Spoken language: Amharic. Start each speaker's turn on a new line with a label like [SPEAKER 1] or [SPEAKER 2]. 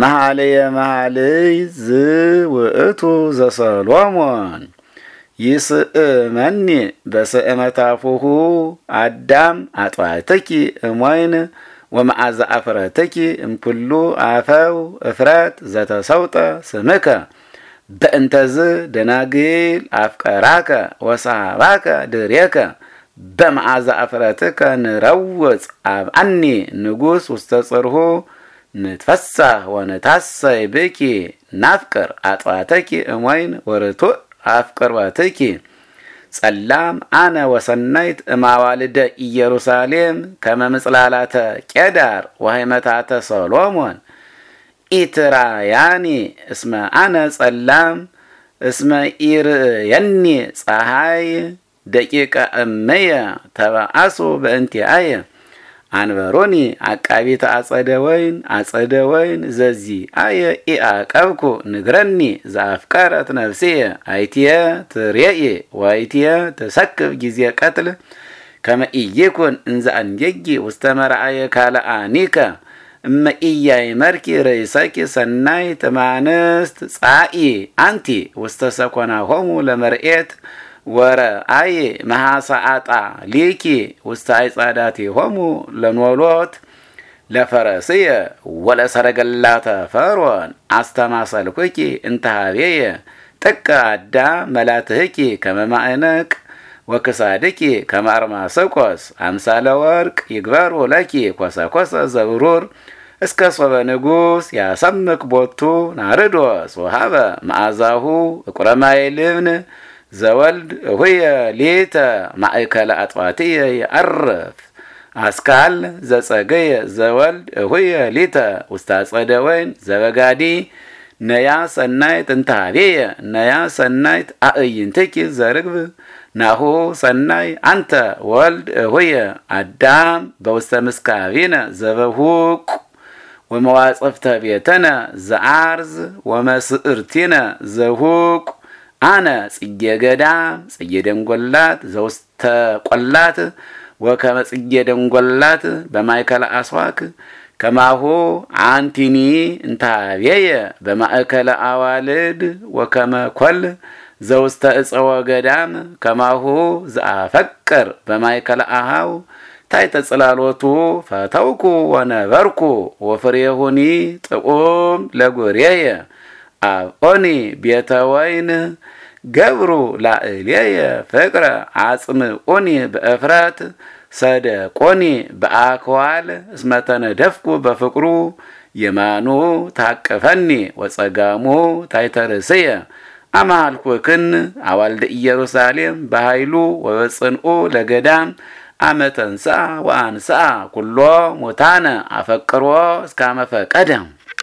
[SPEAKER 1] መኃልየ ዝ ውእቱ ዘሰሎሞን ይስእመኒ በስእመት አፉሁ አዳም አጥዋተኪ እሞይን ወመዓዛ አፍረተኪ እምኩሉ አፈው እፍረት ዘተሰውጠ ስምከ በእንተዝ ደናግል አፍቀራከ ወሳባከ ድሬከ በመዓዛ አፍረትከ ንረውፅ አብአኒ ንጉሥ ውስተ ጽርሁ ንትፈሳህ ወነታሰይ ብኪ ናፍቅር አጥዋተኪ እሞይን ወርቱዕ አፍቅሮትኪ ጸላም አነ ወሰናይት እማዋልደ ኢየሩሳሌም ከመምጽላላተ ቄዳር ወሃይመታተ ሰሎሞን ኢትራያኒ እስመ አነ ጸላም እስመ ኢርእየኒ ፀሐይ ደቂቀ እመየ ተባአሱ በእንቲአየ አንበሮኒ አቃቢተ አጸደ ወይን አጸደ ወይን ዘዚ አየ ኢአቀብኩ ንግረኒ ዘአፍቀረት ነፍስየ አይትየ ትሬኢ ወአይትየ ተሰክብ ጊዜ ቀትል ከመ ኢይኩን እንዘ አንጀጊ ውስተ መርአየ አኒከ እመ መርኪ ረይሰኪ ሰናይ ትማንስት ጻኢ አንቲ ውስተ ሰኮና ሆሙ ለመርኤት ወረ አይ ወረአየ አጣ ሊኪ ውስታይ ውስተ ሆሙ ለኖሎት ለፈረስየ ሰረገላተ ፈሮን አስተማሰልኩኪ እንተ ኀቤየ ጥቀ አዳ መላትህኪ ከመ ማዕነቅ ወክሳድኪ ከመ አርማስቆስ አምሳለ ወርቅ ይግበሩ ለኪ ኮሰኮሰ ዘብሩር እስከ ሶበ ንጉሥ ያሰምቅ ቦቱ ናርዶስ ወሃበ መዓዛሁ እቁረማይ ልብን ዘወልድ ሆየ ሊተ ማእከለ አጥዋትየ ይዐርፍ አስካል ዘጸገየ ዘወልድ ሆየ ሊተ ውስተ አጸደ ወይን ዘበጋዲ ነያ ሰናይት እንታቤየ ነያ ሰናይት አእይንትኪ ዘርግብ ናሁ ሰናይ አንተ ወልድ ሆየ አዳም በውስተ ምስካቢነ ዘበሁቅ ወመዋጽፍተ ቤተነ ዘአርዝ ወመስእርቲነ ዘሁቅ አነ ጽጌ ገዳ ጽጌ ደንጎላት ዘውስተ ቆላት ወከመ ጽጌ ደንጎላት በማእከለ አስዋክ ከማሁ አንቲኒ እንታቤየ በማእከለ አዋልድ ወከመ ኮል ዘውስተ እፀወ ገዳም ከማሁ ዘአፈቅር በማእከለ አሃው ታሕተ ጽላሎቱ ፈተውኩ ወነበርኩ ወፍሬሁኒ ጥቁም ለጉሬየ አብቆኒ ቤተ ወይን ገብሩ ላዕሌየ ፍቅረ አጽምቁኒ በእፍረት ሰደቆኒ በአክዋል እስመተነደፍኩ በፍቅሩ የማኑ ታቅፈኒ ወጸጋሙ ታይተርስየ አማልኩክን አዋልደ ኢየሩሳሌም በኃይሉ ወበጽንኡ ለገዳም አመተንሳ ወአንሳ ኩሎ ሙታነ አፈቅሮ እስካመፈቀደም